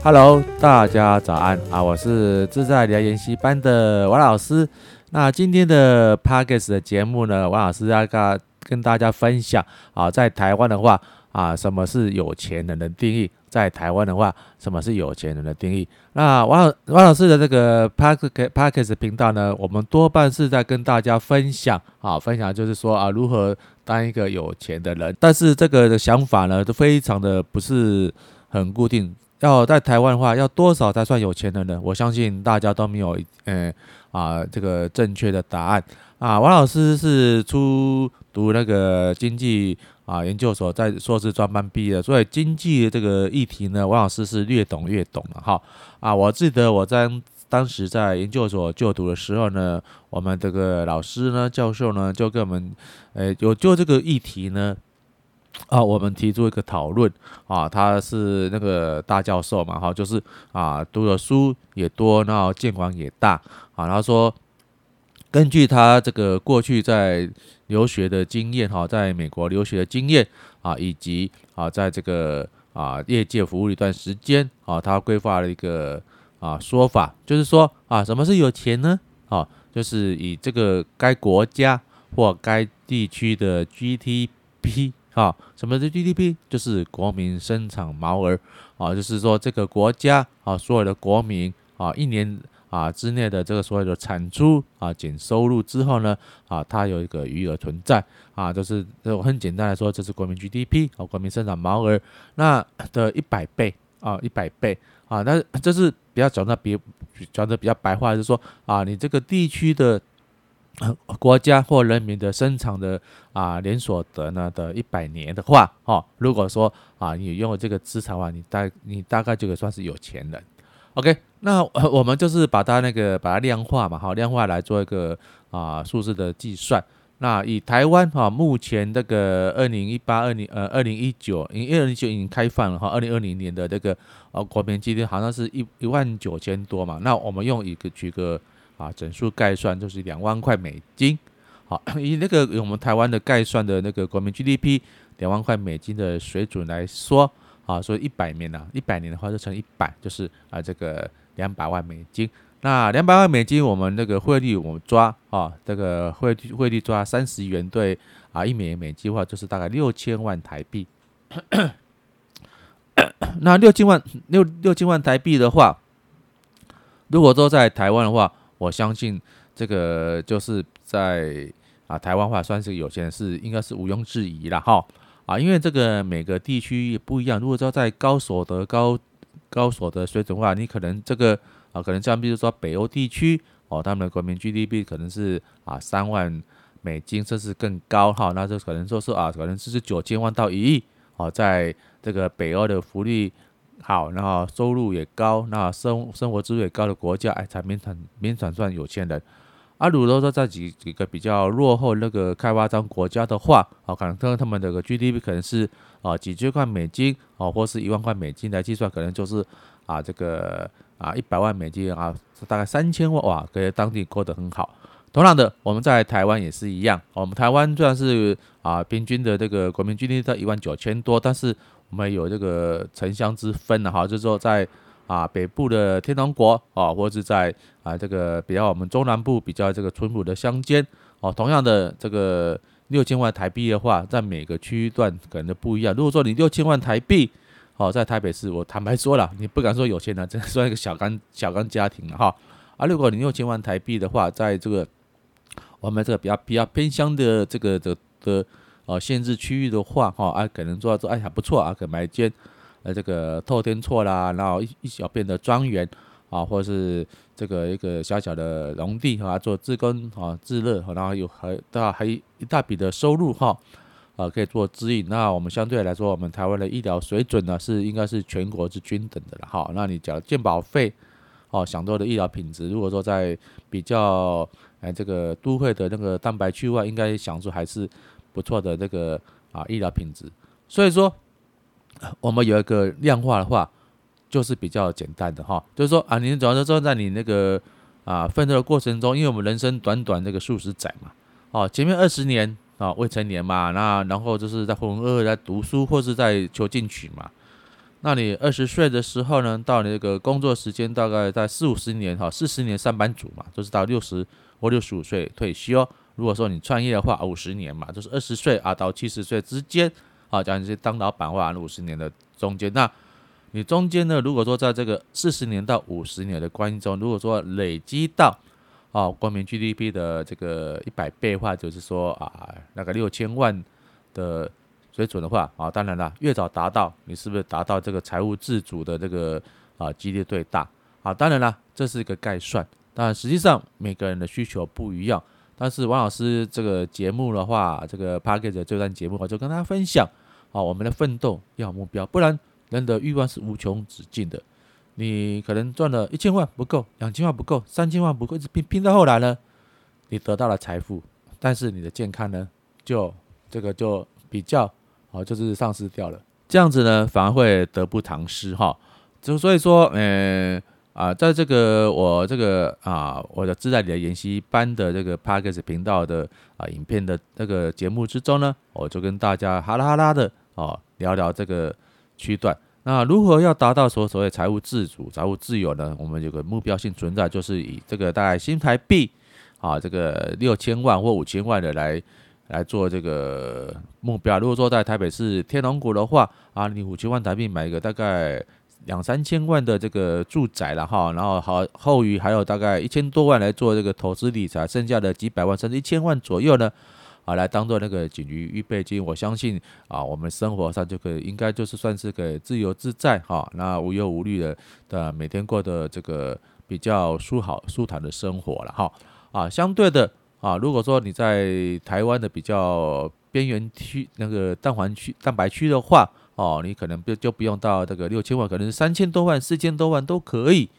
哈囉，Hello, 大家早安啊！我是自在理財研習班的王老師。那今天的 Podcast 的節目呢，王老師要跟跟大家分享啊，在台灣的話啊，什麼是有錢人的定義？在台灣的話，什麼是有錢人的定義？那王王老師的這個 Podcast Podcast 頻道呢，我們多半是在跟大家分享啊，分享就是說啊，如何當一個有錢的人。但是這個的想法呢，都非常的不是很固定。要在台灣的話，要多少才算有錢的人呢？我相信大家都沒有，呃，啊，這個正確的答案。啊，王老師是初讀那個經濟啊研究所，在碩士專班畢業，所以經濟這個議題呢，王老師是略懂略懂了、啊。好，啊，我記得我在當時在研究所就讀的時候呢，我們這個老師呢，教授呢，就跟我們，呃，有就這個議題呢。啊，我們提出一個討論啊，他是那個大教授嘛，哈、啊，就是啊，讀的書也多，然後見聞也大啊。他說，根據他這個過去在留學的經驗，哈、啊，在美國留學的經驗啊，以及啊，在這個啊業界服務一段時間啊，他規劃了一個啊說法，就是說啊，什麼是有錢呢？啊，就是以這個該國家或該地區的 GDP。啊，什麼是 GDP？就是國民生產毛額啊，就是說，這個國家啊，所有的國民啊，一年啊之內的這個所有的產出啊減收入之後呢，啊，它有一個餘額存在啊，就是就很簡單來說，這是國民 GDP，啊，國民生產毛額那的一百倍啊，一百倍啊，那這是比較講的比講的比較白話，就是說啊，你這個地區的。嗯、國家或人民的生產的啊，年所得呢的一百年的話，哦，如果說啊，你擁有用這個資產的話，你大你大概就可以算是有錢人。OK，那我們就是把它那個把它量化嘛，哈，量化來做一個啊數字的計算。那以台灣哈、啊，目前這個二零一八、二零呃二零一九，因為二零一九已經開放了哈，二零二零年的這個呃、啊、國民 GDP 好像是一一萬九千多嘛。那我們用一個舉個。啊，整數概算就是兩萬塊美金。好，以那個我們台灣的概算的那個國民 GDP 兩萬塊美金的水準來說，啊，所以一百年呢，一百年的話就乘一百，就是啊這個兩百萬美金。那兩百萬美金，我們那個匯率我們抓啊，這個匯率匯率抓三十元兌啊一美元美金的話，就是大概六千萬台幣。那六千萬六六千萬台幣的話，如果說在台灣的話，我相信這個就是在啊，台灣話算是有錢人是，應該是毋庸置疑了哈啊，因為這個每個地區也不一樣。如果說在高所得高高所得水準的話，你可能這個啊，可能像比如說北歐地區哦，他們的國民 GDP 可能是啊三萬美金，甚至更高哈，那就可能說是啊，可能就是九千萬到一億哦，在這個北歐的福利，好，然後收入也高，那生生活水準也高的國家，哎，才勉強勉強算有錢人。啊，如果說在幾幾個比較落後的那個開發中國家的話，啊，可能他們的這個 GDP 可能是啊幾千塊美金，啊，或是一萬塊美金來計算，可能就是啊這個啊一百萬美金啊，大概三千萬哇，可以當地過得很好。同樣的，我們在台灣也是一樣，我們台灣雖然是啊平均的這個國民 GDP 在一萬九千多，但是，我們有這個城鄉之分的哈，就是說在啊北部的天龍國啊，或者在啊這個比較我們中南部比較這個淳樸的鄉間哦、啊，同樣的這個六千萬台幣的話，在每個區域段可能就不一樣。如果說你六千萬台幣哦、啊，在台北市，我坦白說了，你不敢說有錢人、啊、真的算一個小康小康家庭哈。啊,啊，如果你六千萬台幣的話，在這個我們這個比較比較偏鄉的這個的的。哦、啊，限制區域的話，哈，啊，可能做做，哎、啊，還不錯啊，可買一間，呃、啊，這個透天厝啦，然後一一小片的莊園啊，或者是這個一個小小的農地啊，做自耕啊，自熱、啊，然後還有大還大還一大筆的收入哈，啊，可以做資用。那我們相對來說，我們台灣的醫療水準呢，是應該是全國是均等的了哈。那你繳健保費，哦、啊，享受的醫療品質，如果說在比較，哎，這個都會的那個蛋白區外，應該享受還是。不錯的那個啊，醫療品質，所以說我們有一個量化的話，就是比較簡單的哈，就是說啊，你總要說在你那個啊奮鬥的過程中，因為我們人生短短這個數十載嘛，哦、啊，前面二十年啊未成年嘛，那然後就是在渾渾噩噩在讀書或是在求進取嘛，那你二十歲的時候呢，到你那個工作時間大概在四五十年哈，四、啊、十年上班族嘛，就是到六十或六十五歲退休、哦。如果說你創業的話，五十年嘛，就是二十歲啊到七十歲之間，啊，講你是當老闆的話，五十年的中間，那你中間呢，如果說在這個四十年到五十年的關係中，如果說累積到啊，國民 GDP 的這個一百倍的話，就是說啊，那個六千萬的水準的話，啊，當然了，越早達到，你是不是達到這個財務自主的這個啊幾率最大？啊，當然了，這是一個概算，當然實際上每個人的需求不一樣。但是王老師這個節目的話，這個 package 這段節目的話，就跟大家分享、啊、我們的奮鬥要有目標，不然人的慾望是無窮止境的。你可能賺了一千萬不夠，兩千萬不夠，三千萬不夠，一直拼拼到後來呢，你得到了財富，但是你的健康呢，就這個就比較好、啊，就是喪失掉了。這樣子呢，反而會得不償失哈。就所以說，嗯。啊，在這個我這個啊，我的自在理財研習班的這個 podcast 頻道的啊，影片的這個節目之中呢，我就跟大家哈拉哈拉的啊，聊聊這個區段。那如何要達到所所謂財務自主、財務自由呢？我們有個目標性存在，就是以這個大概新台幣啊，這個六千萬或五千萬的來來做這個目標。如果說在台北市天龍谷的話啊，你五千萬台幣買一個大概。兩三千萬的這個住宅了哈，然後好後餘還有大概一千多萬來做這個投資理財，剩下的幾百萬甚至一千萬左右呢，啊，來當做那個緊急預備金。我相信啊，我們生活上就可以應該就是算是個自由自在哈、啊，那無憂無慮的的每天過的這個比較舒好舒坦的生活了哈。啊，啊，相對的啊，如果說你在台灣的比較邊緣區那個蛋黃區、蛋白區的話。哦，你可能不就不用到這個六千萬，可能三千多萬、四千多萬都可以。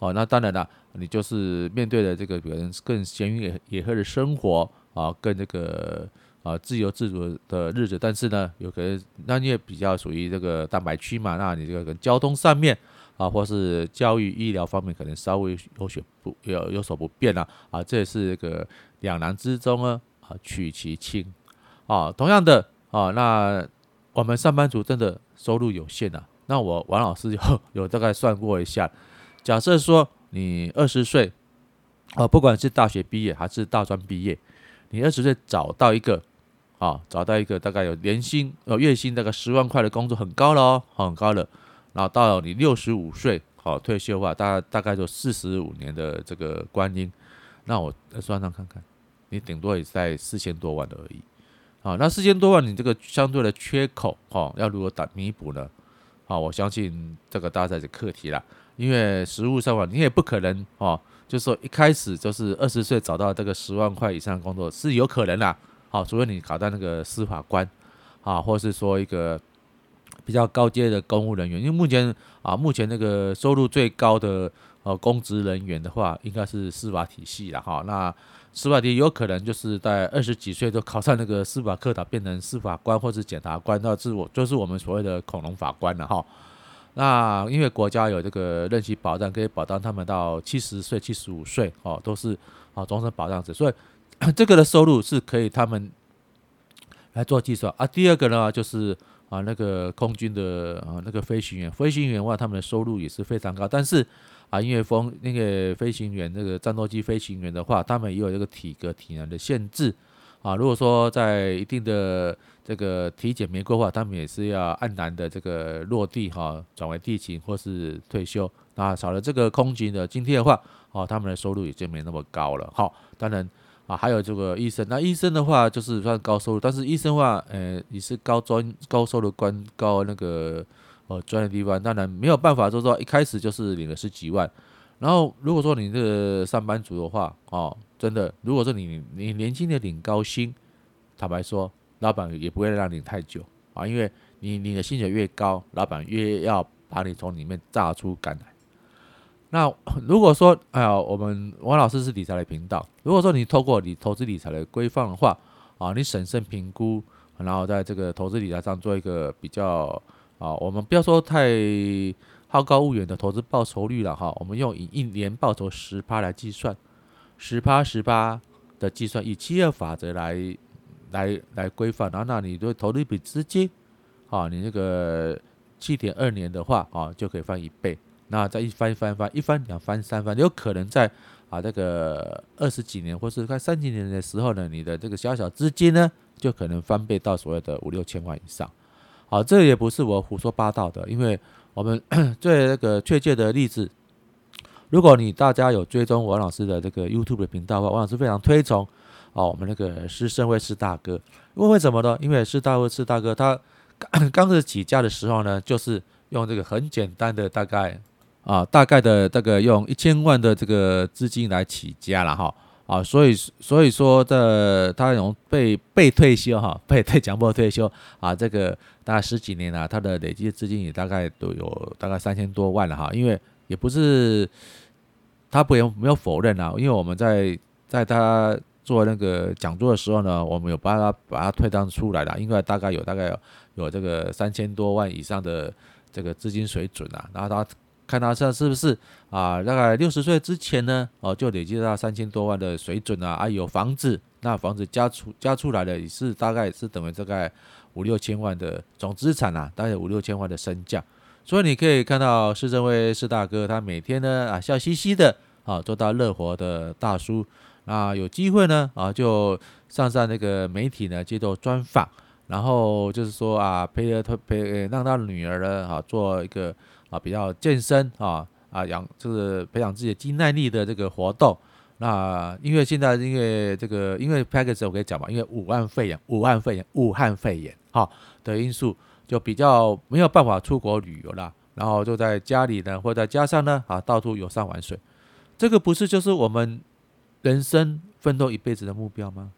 哦，那當然了，你就是面對的這個可能更閒雲野野鶴的生活啊，更這個啊自由自主的日子。但是呢，有可能那你也比較屬於這個蛋白區嘛，那你這個交通上面啊，或是教育醫療方面，可能稍微有些不有有所不便了啊，啊，這也是一個兩難之中呢啊，取其輕啊，同樣的啊，那。我們上班族真的收入有限吶、啊。那我王老師有有大概算過一下，假設說你二十歲，啊，不管是大學畢業還是大專畢業，你二十歲找到一個，啊，找到一個大概有年薪呃月薪大概十萬塊的工作，很高了哦，很高了。然後到你六十五歲好退休的話，大大概就四十五年的這個觀音，那我算算看看，你頂多也在四千多萬而已。啊，那四千多萬你這個相對的缺口哈、啊，要如何打彌補呢？啊，我相信這個大家在這課題啦。因為實務上嘛，你也不可能哦、啊，就說一開始就是二十歲找到這個十萬塊以上的工作是有可能啦。好、啊，除非你考到那個司法官啊，或是說一個比較高階的公務人員，因為目前啊，目前那個收入最高的呃、啊、公職人員的話，應該是司法體系了哈、啊。那司法的有可能就是在二十幾歲都考上那個司法科，打變成司法官或是檢察官，那自我就是我們所謂的恐龍法官了哈。那因為國家有這個任期保障，可以保障他們到七十歲、七十五歲哦，都是啊終身保障者，所以這個的收入是可以他們來做計算啊。第二個呢，就是啊那個空軍的啊那個飛行員，飛行員的話，他們的收入也是非常高，但是。啊，因為飛那個飛行員，那、這個戰鬥機飛行員的話，他們也有這個體格體能的限制啊。如果說在一定的這個體檢沒過的話，他們也是要按難的這個落地哈、啊，轉為地勤或是退休。啊，少了這個空軍的津貼的話，哦、啊，他們的收入也就沒那麼高了哈、哦。當然啊，還有這個醫生，那醫生的話就是算高收入，但是醫生的話，呃，你是高專高收入官高那個。呃、哦，專業地方當然沒有辦法就是說一開始就是領了十幾萬。然後如果說你是上班族的話哦，真的，如果說你你年輕的領高薪，坦白說，老板也不會讓你太久啊，因為你你的薪水越高，老板越要把你從裡面榨出乾來。那如果說哎呀，我們王老師是理財的頻道，如果說你透過你投資理財的規範的話啊，你審慎評估，然後在這個投資理財上做一個比較。啊，我們不要說太好高騖遠的投資報酬率了哈。我們用以一年報酬十趴來計算，十趴十趴的計算，以七二法則來來來規範。然後，那你就投入一筆資金，啊，你這個七點二年的話，啊，就可以翻一倍。那再一翻翻一翻，一翻，一翻兩翻三翻，有可能在啊這那個二十幾年或是看三十年的時候呢，你的這個小小資金呢，就可能翻倍到所謂的五六千萬以上。好、啊，這也不是我胡說八道的，因為我們最那個確切的例子，如果你大家有追蹤王老師的這個 YouTube 的頻道的話，王老師非常推崇、啊、我們那個師生會師大哥，因為為什麼呢？因為師大哥師大哥他，他剛剛開始起家的時候呢，就是用這個很簡單的大概啊大概的這個用一千萬的這個資金來起家了哈。啊，所以所以說這他從被被退休哈、啊，被被強迫退休啊，這個大概十幾年了、啊，他的累計資金也大概都有大概三千多萬了、啊、哈，因為也不是他不用沒有否認啊，因為我們在在他做那個講座的時候呢，我們有幫他把他推算出來了、啊，應該大概有大概有、有這個三千多萬以上的這個資金水準啊，然後他，看他是不是啊？大概六十歲之前呢，哦，就累積到三千多萬的水準啊！啊，有房子，那房子加出加出來的也是大概是等於大概五六千萬的總資產啊，大概五六千萬的身價。所以你可以看到是這位是大哥，他每天呢啊笑嘻嘻的啊，做到樂活的大叔，啊。那有機會呢啊，就上上那個媒體呢接受專訪，然後就是說啊，陪着他陪讓他女兒呢啊做一個。啊，比較健身啊啊養，就是培養自己的肌耐力的這個活動。那因為現在因為這個，因為 package 我可以講嘛，因為武漢肺炎、武漢肺炎、武漢肺炎哈的因素，就比較沒有辦法出國旅遊啦。然後就在家裡呢，或者加上呢啊，到處遊山玩水。這個不是就是我們人生奮鬥一輩子的目標嗎？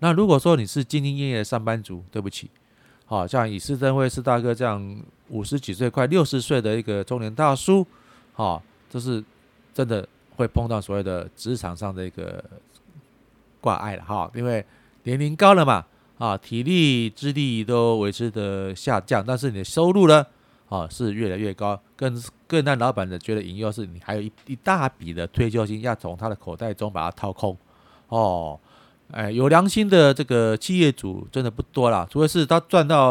那如果說你是兢兢業業的上班族，對不起。好，像以施正威施大哥這樣五十幾歲、快六十歲的一個中年大叔，哈、哦，這、就是真的會碰到所謂的職場上的一個掛礙了，哈、哦，因為年齡高了嘛，啊、哦，體力、智力，都維持的下降，但是你的收入呢，啊、哦，是越來越高，更更讓老闆的覺得引誘是你還有一一大筆的退休金要從他的口袋中把它掏空，哦。哎，有良心的這個企業主真的不多啦，除非是他賺到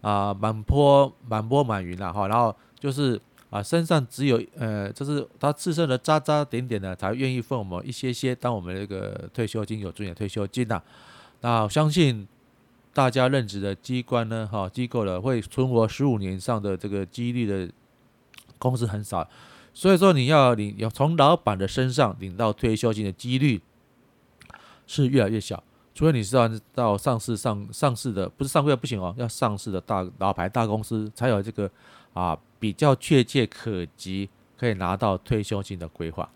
啊、呃、滿坡滿坡滿雲了哈，然後就是啊身上只有呃，就是他自身的渣渣點點呢，才願意分我們一些些，當我們這個退休金有尊嚴退休金吶。那我相信大家任職的機關呢，哈機構呢，會存活十五年以上的這個幾率的公司很少，所以說你要領，要從老闆的身上領到退休金的幾率。是越來越小，除非你是到到上市上上市的，不是上個月不行哦，要上市的大老牌大公司才有這個啊比較確切可及，可以拿到退休金的規劃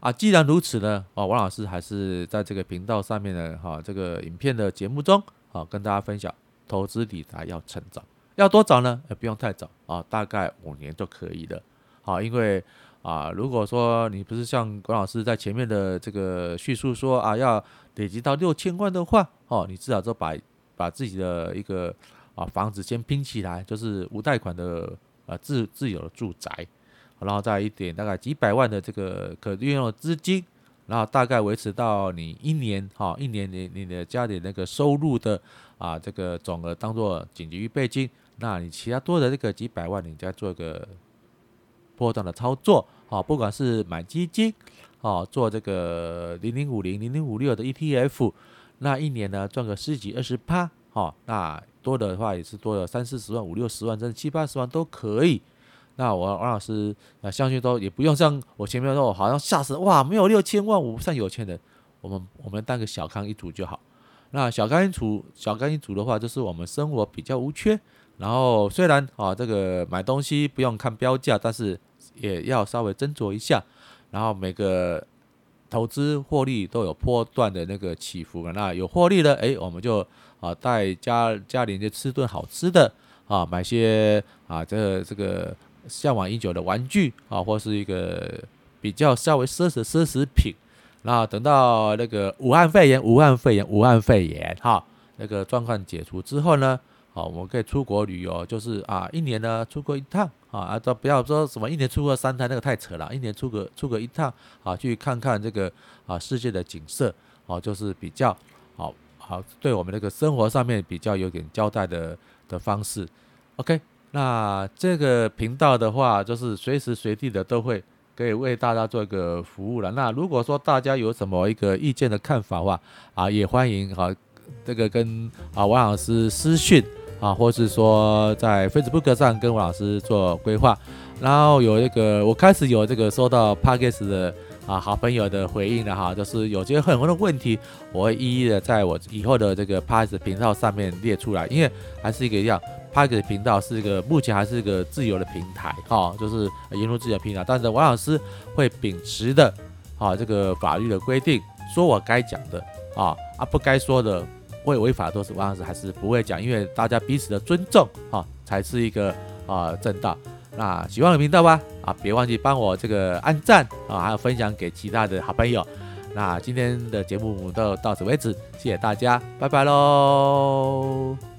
啊。既然如此呢，哦，王老師還是在這個頻道上面呢，哈，這個影片的節目中啊，跟大家分享投資理財要趁早，要多早呢？也不用太早啊，大概五年就可以了啊，因為。啊，如果說你不是像王老師在前面的這個敘述說啊，要累積到六千萬的話，哦，你至少都把把自己的一個啊房子先拼起來，就是無貸款的啊，自自有的住宅，然後再一點大概幾百萬的這個可利用的資金，然後大概維持到你一年哈、啊，一年你你的家裡那個收入的啊這個總額當做緊急預備金，那你其他多的這個幾百萬你再做一個波段的操作，啊，不管是買基金，啊，做這個零零五零、零零五六的 ETF，那一年呢賺個十幾、二十趴，那多的話也是多了三四十萬、五六十萬，甚至七八十萬都可以。那我王老師，那相信都也不用像我前面說，我好像嚇死哇沒有六千萬，我不算有錢人。我們我們當個小康一族就好。那小康一族，小康一族的話，就是我們生活比較無缺，然後雖然啊這個買東西不用看標價，但是。也要稍微斟酌一下，然後每個投資獲利都有波段的那個起伏的。那有獲利了，哎，我們就啊，帶家家裡就吃頓好吃的，啊，買些啊這個這個嚮往已久的玩具啊，或是一個比較稍微奢侈奢侈品。然後等到那個武漢肺炎、武漢肺炎、武漢肺炎哈，那個狀況解除之後呢？好、哦，我們可以出國旅遊，就是啊，一年呢出國一趟啊，啊，都不要說什麼一年出個三趟，那個太扯了，一年出個出個一趟啊，去看看這個啊世界的景色，哦、啊，就是比較好好、啊啊、對我們這個生活上面比較有點交代的的方式。OK，那這個頻道的話，就是隨時隨地的都會可以為大家做一個服務了。那如果說大家有什麼一個意見的看法的話，啊，也歡迎哈、啊、這個跟啊王老師私訊。啊，或是說在 Facebook 上跟王老師做規劃，然後有一個我開始有這個收到 Podcast 的啊好朋友的回應了哈、啊，就是有些很多的問題，我會一一的在我以後的這個 Podcast 頻道上面列出來，因為還是一個樣，Podcast 頻道是一個目前還是一個自由的平台哈、啊，就是言論自由的平台，但是王老師會秉持的啊這個法律的規定，說我該講的啊啊不該說的。會違法的東西王老師還是不會講，因為大家彼此的尊重哈、啊、才是一個啊正道。那喜歡我的頻道吧啊，別忘記幫我這個按讚啊，還有分享給其他的好朋友。那今天的節目都到,到此為止，謝謝大家，拜拜嘍。